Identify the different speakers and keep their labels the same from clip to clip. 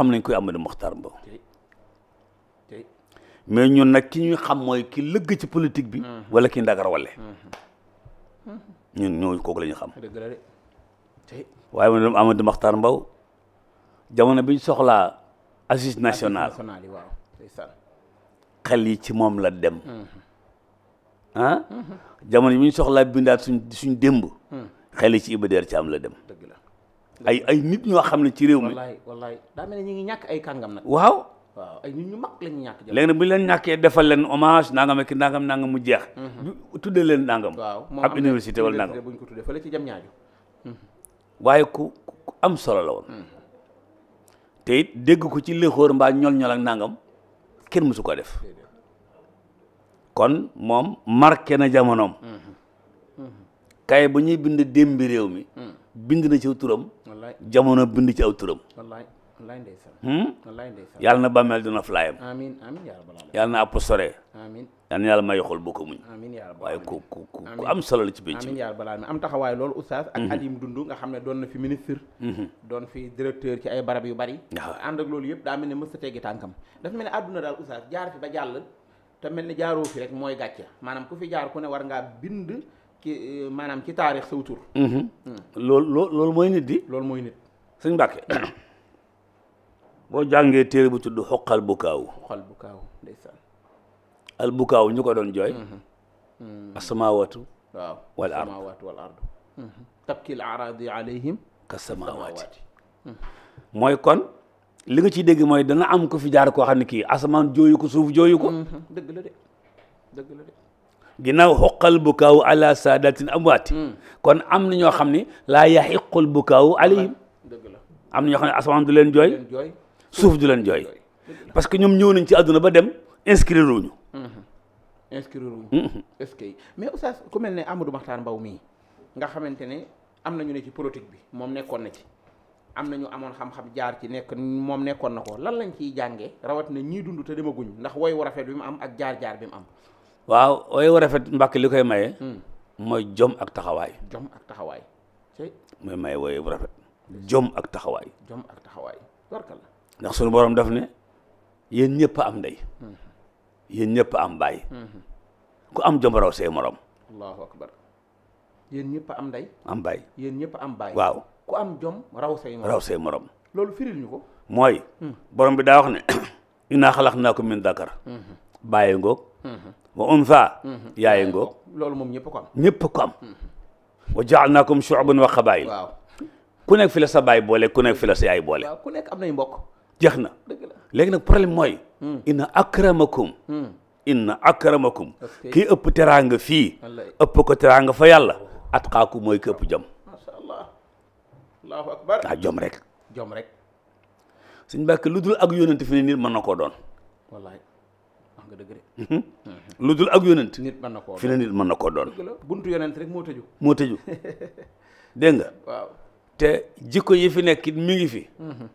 Speaker 1: xam nañ koy Amadou Mokhtar Mbow mais ñun nag ki ñuy xam mooy ki lëgg ci politique bi mm-hmm. wala ki ndagar wale mm-hmm. Mm-hmm. ñun ñooñu kooku la ñu xam waaye ma Amadou Mokhtar Mbow bi ñu soxlaa Assises nationales xel yi ci moom la dem ah jamono bi ñu soxlaa bindaat suñ suñ démb mm. xel yi ci Iba Der Thiam la dem la ay ay nit ñoo xam ne ci réew mi. wallaay
Speaker 2: wallaay daa mel ñàkk ay kàngam nag. waaw. waaw ñu mag la ñu nag
Speaker 1: bu ñu leen ñàkkee defal leen hommage nangam ak nangam nangam mu jeex.
Speaker 2: Mhm.
Speaker 1: tuddee leen nangam. waaw ab université wala nangam
Speaker 2: bu ñu ko tuddee mhm.
Speaker 1: waaye ku ku am solo la woon. Mhm. te it dégg ko ci léxoor mbaa ñol-ñol nangam kenn mësu ko def. kon moom marqué na jamonoom. kay bu ñuy bind démb réew mi. bind na ci aw turam. wallaay jamono bind ci aw turam.
Speaker 2: wallaay wallaay ndeysaan. Hmm? wallaay ndeysaan. yàlla na bàmmeel dina flaayam. amiin na àpp sore. amiin
Speaker 1: yàlla na yàlla may xol boo ko muñ. amiin yaa waaye ku ku ku am solo ci penc. amiin
Speaker 2: yaa rabbal aalamiin am taxawaay loolu oustaz. ak mhm. at yim nga xam ne doon na fi ministre. Mhm. doon fi directeur ci ay barab yu bari. waaw ànd ak loolu yëpp daa mel ne mës a teggi tànkam. dafa mel ne àdduna daal oustaz jaar fi ba jàll te mel ne jaaroo fi rek mooy gàcce maanaam ku fi jaar ku ne war ngaa bind ki maanaam ci taarix saw tur mhm. hmm.
Speaker 1: loolu loo loolu mooy nit di loolu mooy nit sëñ Mbàkke boo jàngee téere bu tudd xoqal bukaaw xoqal bukaaw ndeysaan al bukaaw ñu ko doon jooy mhm. hmm. asamaawatu waaw wal ard
Speaker 2: asamaawatu wal ard mhm. ka samaawaati hmm.
Speaker 1: mooy kon li nga ciy dégg mooy dana am ku fi jaar koo xam ne kii asamaan jooyu ko suuf jooyu ginnaaw xoqal bukaawu ala saadatin amwaati hmm. kon am na ñoo xam ne laa yaxiqul bukaawu alayhim am na ñoo xam ne asamaan du leen jooy suuf du leen jooy parce que ñoom ñëw nañ ci àdduna ba dem inscrire wuñu
Speaker 2: hmm. inscrire wuñu hmm. est-ce mais oustaz ku mel ne Amadou Mahtar Mbow mii nga xamante ne am na ñu ne ci politique bi moom nekkoon na ci am nañu amoon xam-xam jaar ci nekk moom nekkoon na ko lan lañ ciy jàngee rawat na ñii dund te demaguñ ndax woy wu rafet bi mu am ak jaar-jaar bi am
Speaker 1: waaw ooy rafet mbakk li koy maye. Hmm. mooy jom ak taxawaay. jom ak taxawaay. mooy maye wooy rafet. jom ak taxawaay.
Speaker 2: jom ak taxawaay barkalla.
Speaker 1: ndax sunu borom def ne yéen ñëpp am nday hmm. yéen ñëpp am baay. Hmm. ku am jom raw say morom.
Speaker 2: yéen ñëpp am ndey. am baay yéen ñëpp am baay. waaw ku am jom raw say morom loolu firil ñu ko.
Speaker 1: mooy. borom bi daa wax ne. innaa xalaq naa ko min dakar. bàyyi ngoog.
Speaker 2: wa unsa mhm. yaaye ngoo loolu moom ñëpp ko am ñëpp ko am mhm.
Speaker 1: wa jaalnaakum shu'uban wa qabaa'il waaw ku nekk fi la sa baay boole ku nekk fi la sa yaay boole
Speaker 2: ku nekk am nay mbokk
Speaker 1: jeex na léegi nag problème mooy hmm. inna akramakum hmm. inna akramakum kii ëpp teraanga fii ëpp ko teraanga fa yàlla atqaakum mooy ki ëpp jom
Speaker 2: masha Allah jom rek jom rek
Speaker 1: suñ bàkk lu dul ak yónent fi ne nit mën na koo doon nga dëgg de. Mhm. Mhm. lu dul ak yonent. nit mën na koo fi ne nit mën na koo doon.
Speaker 2: buntu yonent rek moo tëju. moo tëju dégg nga. waaw
Speaker 1: te jikko yi fi nekk mi ngi fi. Mhm.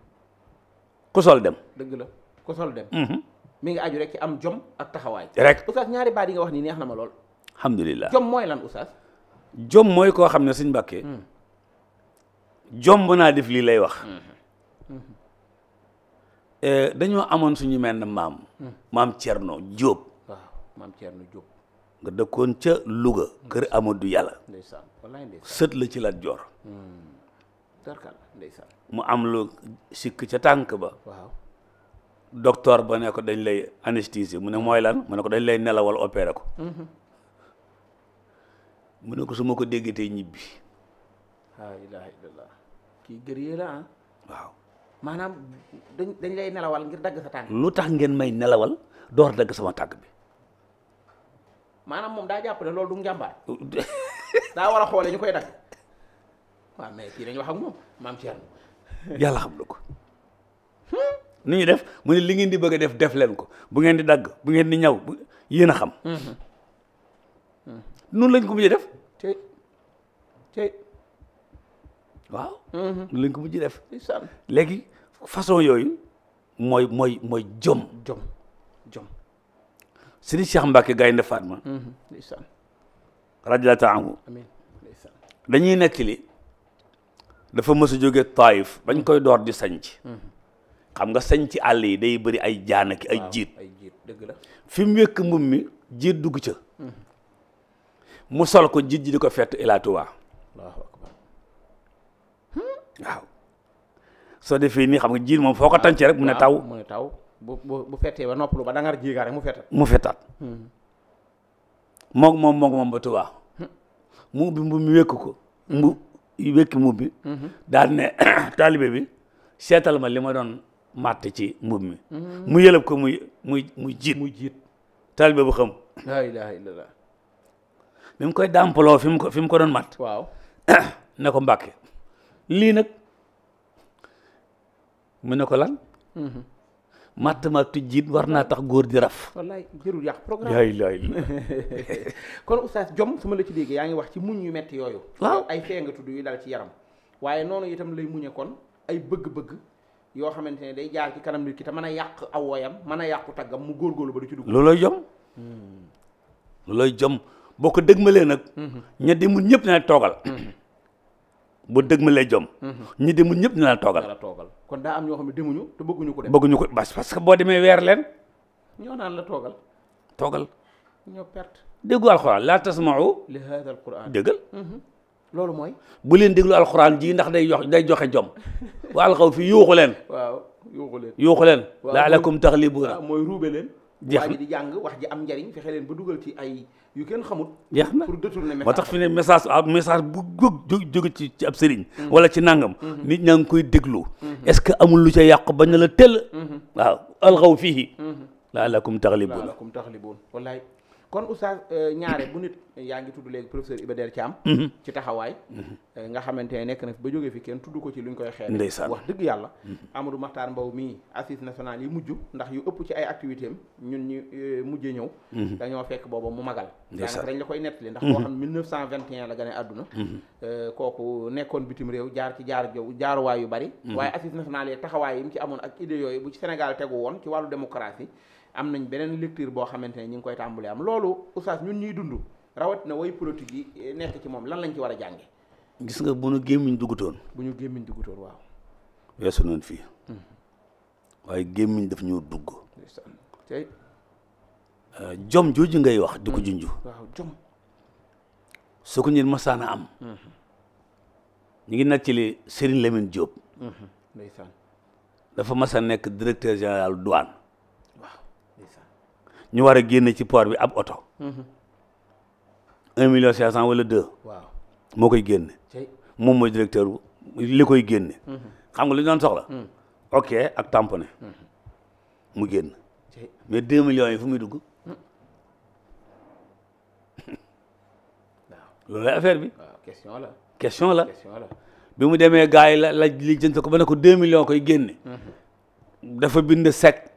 Speaker 1: ku sol dem.
Speaker 2: dëgg la ku sol dem. ngi aju rek ci am jom ak taxawaay. rek oustaz ñaari baat yi nga wax ni neex na ma lool.
Speaker 1: alhamdulilah jom mooy lan oustaz. jom mooy koo xam ne suñu mbàkkee. Hmm. jomb naa def lii lay wax. Hmm. Eh, dañoo amoon suñu mel ne maam. Hmm. maam Thierno jóob
Speaker 2: waaw maam Thierno Diop.
Speaker 1: nga dëkkoon ca Louga. Hmm. kër du Yàlla. ndeysaan wallaay ndeysaan sët la ci Lat Joor.
Speaker 2: Hmm. tarkal
Speaker 1: mu am lu sikk ca tànk ba. waaw docteur ba ne ko dañ lay anesthésie mu ne mooy lan mu ne ko dañ lay nelawal opéré ko. mu ne ko su ko déggatee ñibbi.
Speaker 2: Ah. waaw. maanaam dañ dañ lay nelawal ngir dagg sa tànk.
Speaker 1: lu tax ngeen may nelawal door dagg sama tàgg bi.
Speaker 2: maanaam moom daa jàpp ne loolu du njàmbaar. daa war a xoolee ñu koy dagg. waaw mais kii dañu wax ak moom maam xam na
Speaker 1: ko. Hmm? nu ñu def mu li ngeen di bëgg a def def leen ko bu ngeen di dagg bu ngeen di ñaw bu yéen a xam. Hmm. noonu lañ ko mujj def. tey tey. waaw.
Speaker 2: Hmm. noonu lañ ko mujj def.
Speaker 1: léegi. façon yooyu mooy mooy mooy jom. jom jom. Serigne Cheikh Mbacke Gaynde Fatma. Mhm, ndeysaan. radiyallaahu anhu. amiin dañuy nekk dafa mës a jóge Taïf bañ koy door di sañc mhm. xam nga ci àll yi day bëri ay jaanaki ay jiit. ay jiit dëgg la fi wékk mbubb mi jiit dugg ca. Mhm. mu sol ko jiit ji di ko fett ilaa Tuubaa. waaw. soo defee nii xam nga moom foo ko tàncee mu ne taw
Speaker 2: mu ne taw bu bu ba noppalu ba dangar jiigaa rek mu
Speaker 1: mu fettaat hmm. moog moom moog moom ba tubaa hmm. mu bi mu wékk ko mu wékki mu bi hmm. daal ne taalibe bi seetal ma li ma doon màtt ci mbub mi mu yëlëb ko muy muy muy jiit muy jiit taalibe bu xam
Speaker 2: laa ilaaha illallaah
Speaker 1: bi mu koy dàmpaloo fi mu ko doon màtt waaw ne ko mbàkke lii mu ne ko lan. matt ma jiit war naa tax góor di raf.
Speaker 2: wallaay jërul yàq programme yaay kon oustaz jom su ma la ci déggee yaa ngi wax ci muñ yu metti yooyu. waaw ay fee nga tudd yu dal ci yaram. waaye noonu itam lay muñe kon ay bëgg-bëgg yoo xamante ne day jaar ci kanam nit ki te mën a yàq awooyam mën a yàqu taggam mu góorgóorlu ba du ci dugg.
Speaker 1: loolooy jom. Hmm. loolooy jom boo ko dëgmalee nag.
Speaker 2: Mhm. ña demul
Speaker 1: ñëpp na toogal. Mhm. bu dëgg ma lay jom. Mhm. ñi demul ñëpp dina la toogal. dina la toogal
Speaker 2: kon daa am ñoo xam ne demuñu dem. bëgguñu ko bas boo
Speaker 1: demee weer leen.
Speaker 2: ñoo naan la toogal. toogal. ñoo perte.
Speaker 1: déggu alxuraan laa tasma'u
Speaker 2: li haadha alxuraan déggal. Mhm. loolu mooy.
Speaker 1: bu leen déglu alxuraan ji ndax day jox day joxe jom. wa alxaw fi yuuxu leen.
Speaker 2: waaw yuuxu leen. yuuxu leen. waaw waa ji di jàng wax ji am njariñ fexe leen ba dugal ci ay yu kenn xamut jeex na pour détourner message moo tax
Speaker 1: fi ne message a ah, message bu jóg jóge ci ci ab mm-hmm. wala ci nangam mm-hmm. nit ñaa ngi koy déglu mm-hmm. est-ce que amul lu ca yàqu bañ la tëll waaw alxaw fii laalakum taxlibuun laalakum
Speaker 2: taxlibuun wallaay kon oustaz euh, ñaare bu nit yaa ngi tudd léegi professeur Iba Der Thiam mhm. ci taxawaay mhm. euh, nga xamante ne nekk na fi ba jóge fi kenn tudd ko ci luñ koy xeer ndeysaan wax dëgg yàlla mhm. Amadou Makhtar Mbow mii assise nationale yi mujj ndax yu ëpp ci ay activité ñun ñu euh, mujjee ñëw dañoo fekk booba mu magal daanaka dañ la koy nettali ndax koo xam 1921 la gane àdduna kooku nekkoon bitim réew jaar ci jaar jow jaaruwaay yu bari waaye assise nationale taxawaay yi mu ci amoon ak idée yooyu bu ci Sénégal tegu woon ci wàllu démocratie am nañ beneen lecture boo xamante ne ñu ngi koy tàmbulee am loolu oustaz ñun ñuy dund rawat na way politique yi nekk ci moom lan lañ ci war a jànge
Speaker 1: gis nga bu ñu gémmiñ duggutoon
Speaker 2: bu ñu gémmiñ duggutoon waaw
Speaker 1: weesu noonu fii hmm. waaye gémmiñ daf ñoo dugg tey euh, jom jooju ngay wax di ko hmm. junju waaw jom su ko ñun masaana am hmm. ñu ngi nettali Serigne Lamine Diop ndeysaan dafa masa nekk directeur général douane ñu war a génne ci port bi ab oto. un million cinq cent wala deux. waaw moo koy génne. moom mooy directeur bu li koy génne. xam nga lu ñu doon hmm. ok ak tamponné. Hmm. mu génn. mais deux millions yi fu muy dugg. Hmm. loolu la affaire bi. question la question la. bi mu demee gars yi la la ko ba ne ko deux millions koy génne. dafa bind sec.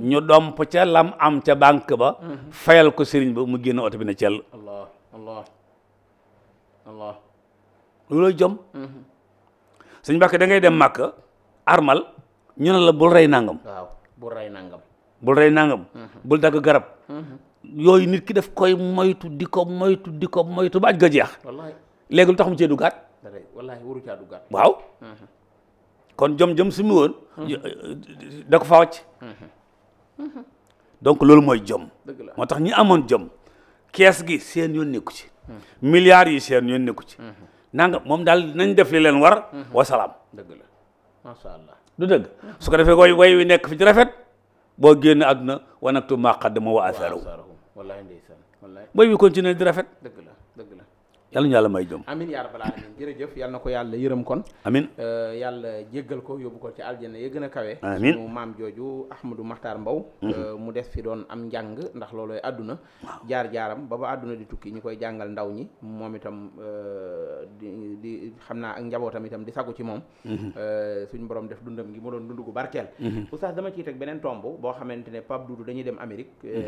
Speaker 1: ñu domp ca lam am ca banque ba fayal ko sëriñ ba mu génn oto bi ne cell
Speaker 2: allah allah jom mhm.
Speaker 1: suñ mbàkke da ngay dem màkk armal ñu ne la bul rey nangam
Speaker 2: waaw bul rey nangam
Speaker 1: bul rey nangam mhm. dagg garab mhm. yooyu nit ki def koy moytu di ko moytu di ko moytu ba aj ga jeex léegi lu tax mu cee duggaat
Speaker 2: wallaahi waaw
Speaker 1: kon jom jom su mu woon da fa wàcc donc loolu mooy jom. moo tax ñi amoon jom. kees gi seen yoon nekku ci. milliards yi seen yoon nekku ci. Mhm. nanga moom daal nañ def li leen war. Mhm. wasalaam.
Speaker 2: dëgg la macha allah. du dëgg su ko defee way way
Speaker 1: wi nekk fi ci rafet boo génn àdduna wa naktubu maa qaddamuu wa aasaarahum.
Speaker 2: wallaahi ndeysaan wallaahi. way wi continuer di rafet. dëgg la dëgg la.
Speaker 1: yàlla ñu yàlla may jom
Speaker 2: amin yaa rabbal alamin jërëjëf yàlla na ko yàlla yërëm kon amin euh, yàlla jéggal ko yóbbu ko ci aljana ya gën a kawe amin mu maam jooju Ahmadou Makhtar mbaw mhm. euh, mu des fi doon am njàng ndax loolooy àdduna jaar-jaaram ba ba àdduna di tukki ñu koy jàngal ndaw ñi moom itam euh, di di xam naa ak njabootam itam di sagu ci moom mhm. suñ borom def dundam ngi mu doon dund gu barkeel mhm. oustaz dama ciy teg beneen tomb boo xamante ne Pape Doudou dañuy dem Amérique